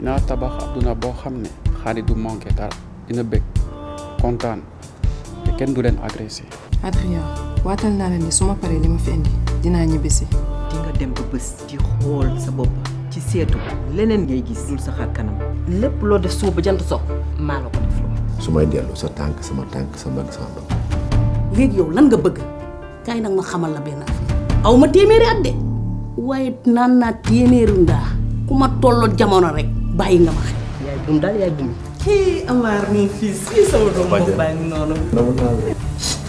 Ina tabax adduna bo xamne ne du manke dal dina bëgg contane te ken du len agressé adrien watal na len ni suma ma paree li ma fi indi dina ñibisi di nga dem ba bëss di xol sa bop ci seetu lenen ngay gis dul sa xar kanam lepp lo def so ba jant so maa la ko def lu su delu sa tank sama tank sa mbagg sa mbagg leg yow lan nga bëgg kay nak ma xamal la ben awma téméré at de waaye naan naa téeméeri ndaa ku jamono rek bàyyi nga ma xel. yaay dum daal yaay dum. kii Amar mon fils kii sama doom baa ngi noonu.